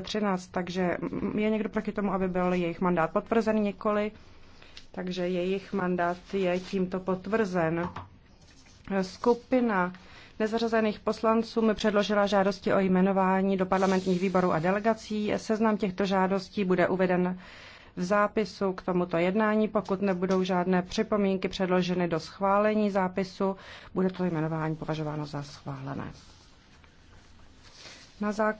2013, takže je někdo proti tomu, aby byl jejich mandát potvrzen nikoli, takže jejich mandát je tímto potvrzen. Skupina nezařazených poslanců mi předložila žádosti o jmenování do parlamentních výborů a delegací. Seznam těchto žádostí bude uveden v zápisu k tomuto jednání. Pokud nebudou žádné připomínky předloženy do schválení zápisu, bude to jmenování považováno za schválené. Na zákon